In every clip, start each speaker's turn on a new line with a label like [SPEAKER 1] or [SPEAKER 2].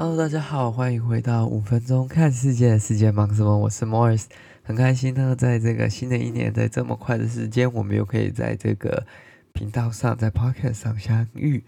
[SPEAKER 1] Hello，大家好，歡迎回到五分鐘看世界的世界忙什麼？我是 Morris，很開心呢，在這個新的一年，在這麼快的時間，我們又可以在這個頻道上，在 Podcast 上相遇。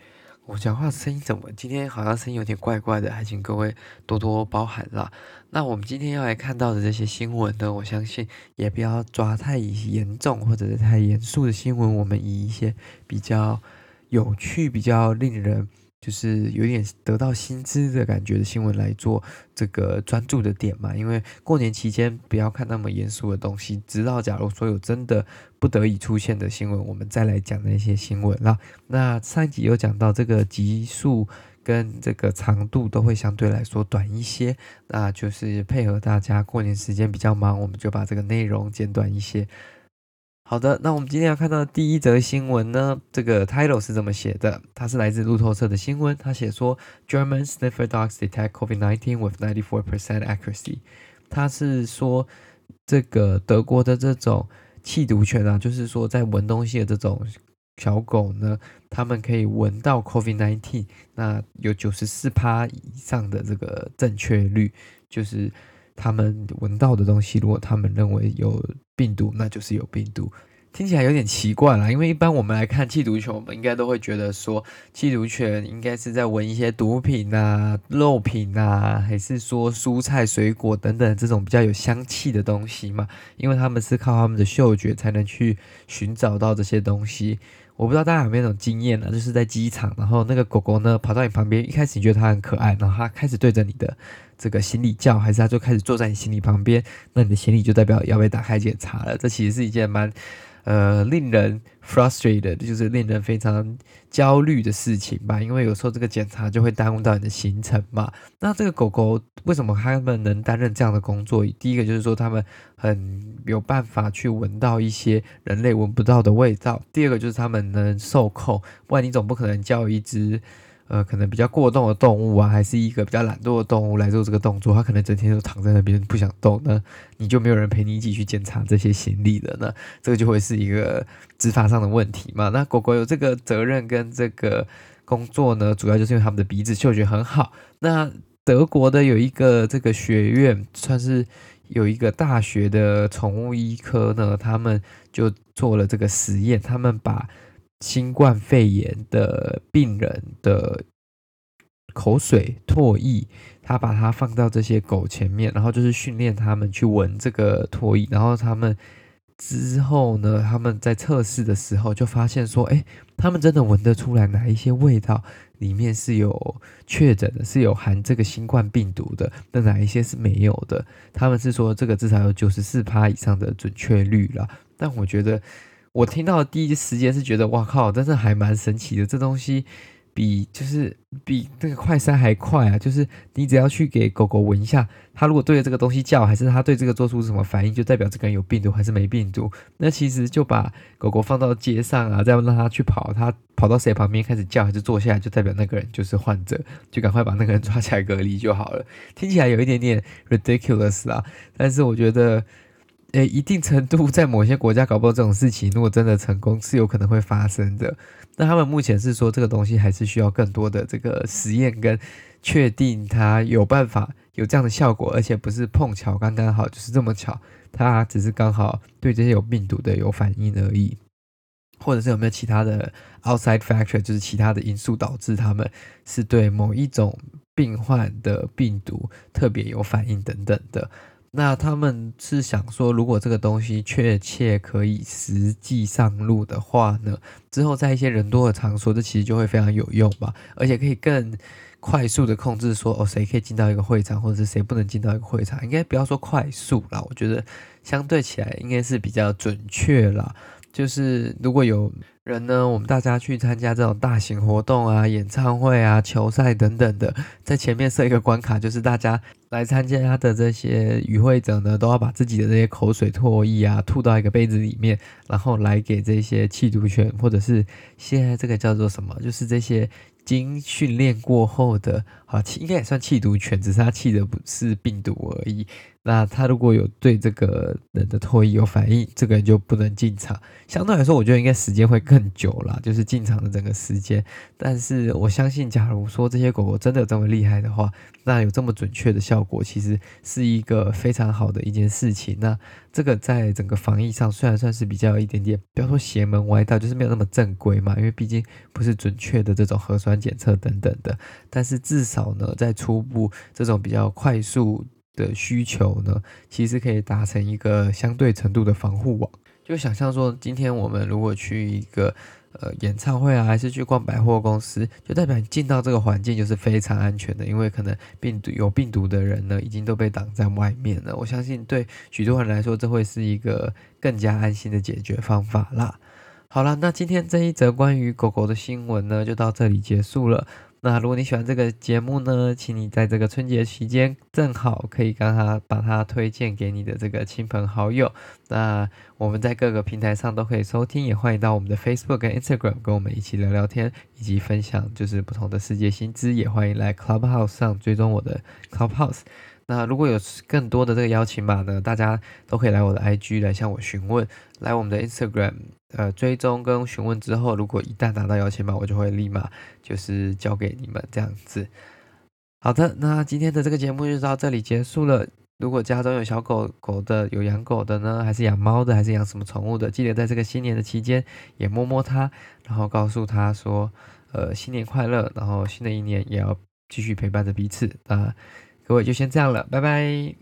[SPEAKER 1] 我講話聲音怎麼今天好像聲音有點怪怪的，還請各位多多包涵啦。那我們今天要來看到的這些新聞呢，我相信也不要抓太嚴重或者是太嚴肅的新聞，我們以一些比較有趣、比較令人就是有點得到薪資的感覺的新聞來做這個專注的點嘛，因為過年期間不要看那麼嚴肅的東西，直到假如說有真的不得已出現的新聞，我們再來講那些新聞。那那上一集有講到這個集數跟這個長度都會相對來說短一些，那就是配合大家過年時間比較忙，我們就把這個內容簡短一些。好的，那我們今天要看到的第一則新聞呢，這個 title 是怎麼寫的？它是來自路透社的新聞，它寫說 German Sniffer Dogs Detect COVID-19 with 94% Accuracy。它是說這個德國的這種緝毒犬啊，就是說在聞東西的這種小狗呢，它們可以聞到 COVID-19，那有九十四趴以上的這個正確率，就是。他們聞到的東西，如果他們認為有病毒，那就是有病毒。聽起來有點奇怪啦，因為一般我們來看緝毒犬，我們應該都會覺得說，緝毒犬應該是在聞一些毒品啊、肉品啊，還是說蔬菜、水果等等這種比較有香氣的東西嘛。因為他們是靠他們的嗅覺才能去尋找到這些東西。我不知道大家有沒有那種經驗呢？就是在機場，然後那個狗狗呢，跑到你旁邊，一開始你覺得它很可愛，然後它開始對着你的這個行李叫，還是它就開始坐在你行李旁邊，那你的行李就代表要被打開檢查了。這其實是一件蠻呃令人。frustrated 就是令人非常焦慮的事情吧，因為有時候這個檢查就會耽誤到你的行程嘛。那這個狗狗為什麼它們能擔任這樣的工作？第一個就是說它們很有辦法去聞到一些人類聞不到的味道；第二個就是它們能受控，不然你總不可能叫一只。呃，可能比較過動的動物啊，還是一個比較懶惰的動物來做這個動作，它可能整天就躺在那邊不想動呢，你就沒有人陪你一起去檢查這些行李的，那這個就會是一個執法上的問題嘛。那狗狗有這個責任跟這個工作呢，主要就是因為他們的鼻子嗅覺很好。那德國的有一個這個學院，算是有一個大學的寵物醫科呢，他們就做了這個實驗，他們把。新冠肺炎的病人的口水、唾液，他把它放到這些狗前面，然後就是訓練他們去聞這個唾液。然後他們之後呢，他們在測試的時候就發現說，誒，他們真的聞得出來哪一些味道裡面是有確診的，是有含這個新冠病毒的，那哪一些是沒有的？他們是說這個至少有九十四趴以上的準確率了，但我覺得。我聽到的第一時間是覺得哇靠，但是還蠻神奇的，這東西比就是比那個快篩還快啊！就是你只要去給狗狗聞一下，它如果對着這個東西叫，還是它對這個做出什麼反應，就代表這個人有病毒還是沒病毒。那其實就把狗狗放到街上啊，再讓它去跑，它跑到誰旁邊開始叫還是坐下來，就代表那個人就是患者，就趕快把那個人抓起來隔離就好了。聽起來有一點點 ridiculous 啊，但是我覺得。誒，一定程度在某些國家搞不到這種事情，如果真的成功，是有可能會發生的。那他們目前是說，這個東西還是需要更多的這個實驗，跟確定它有辦法有這樣的效果，而且不是碰巧剛剛好，就是這麼巧，它只是剛好對這些有病毒的有反應而已，或者是有沒有其他的 outside factor，就是其他的因素導致他們是對某一種病患的病毒特別有反應等等的。那他們是想說，如果這個東西確切可以實際上路的話呢，之後在一些人多的場所，這其實就會非常有用吧，而且可以更快速的控制說，哦，誰可以進到一個會場，或者是誰不能進到一個會場，應該不要說快速啦，我覺得相對起來應該是比較準確啦。就是如果有人呢，我們大家去參加這種大型活動啊、演唱會啊、球賽等等的，在前面設一個關卡，就是大家來參加他的這些與會者呢，都要把自己的這些口水、唾液啊吐到一個杯子裡面，然後來給這些緝毒犬，或者是現在這個叫做什麼，就是這些。經訓練過後的，好，應該也算緝毒犬，只是它緝的不是病毒而已。那它如果有對這個人的唾液有反應，這個人就不能進場。相對來說，我覺得應該時間會更久啦，就是進場的整個時間。但是我相信，假如說這些狗狗真的有這麼厲害的話，那有這麼準確的效果，其實是一個非常好的一件事情。那這個在整個防疫上，雖然算是比較一點點，不要說邪門歪道，就是沒有那麼正規嘛，因為畢竟不是準確的這種核酸。檢測等等的，但是至少呢，在初步這種比較快速的需求呢，其實可以達成一個相對程度的防護網。就想象說，今天我們如果去一個呃演唱會啊，還是去逛百貨公司，就代表你進到這個環境就是非常安全的，因為可能病毒有病毒的人呢，已經都被擋在外面了。我相信對許多人來說，這會是一個更加安心的解決方法啦。好啦，那今天這一則關於狗狗的新聞呢，就到這裡結束了。那如果你喜歡這個節目呢，請你在這個春節期間正好可以把它把它推薦給你的這個親朋好友。那我們在各個平台上都可以收聽，也歡迎到我們的 Facebook 跟 Instagram 跟我們一起聊聊天，以及分享就是不同的世界新知。也歡迎來 Clubhouse 上追蹤我的 Clubhouse。那如果有更多的這個邀請碼呢，大家都可以來我的 IG 來向我詢問，來我們的 Instagram 呃追蹤跟詢問之後，如果一旦拿到邀請碼，我就會立馬就是交給你們這樣子。好的，那今天的這個節目就到這裡結束了。如果家中有小狗狗的、有養狗的呢，還是養貓的，還是養什麼寵物的，記得在這個新年的期間也摸摸它，然後告訴它說：“呃，新年快樂！”然後新的一年也要繼續陪伴着彼此啊。那各位就先這樣了，拜拜。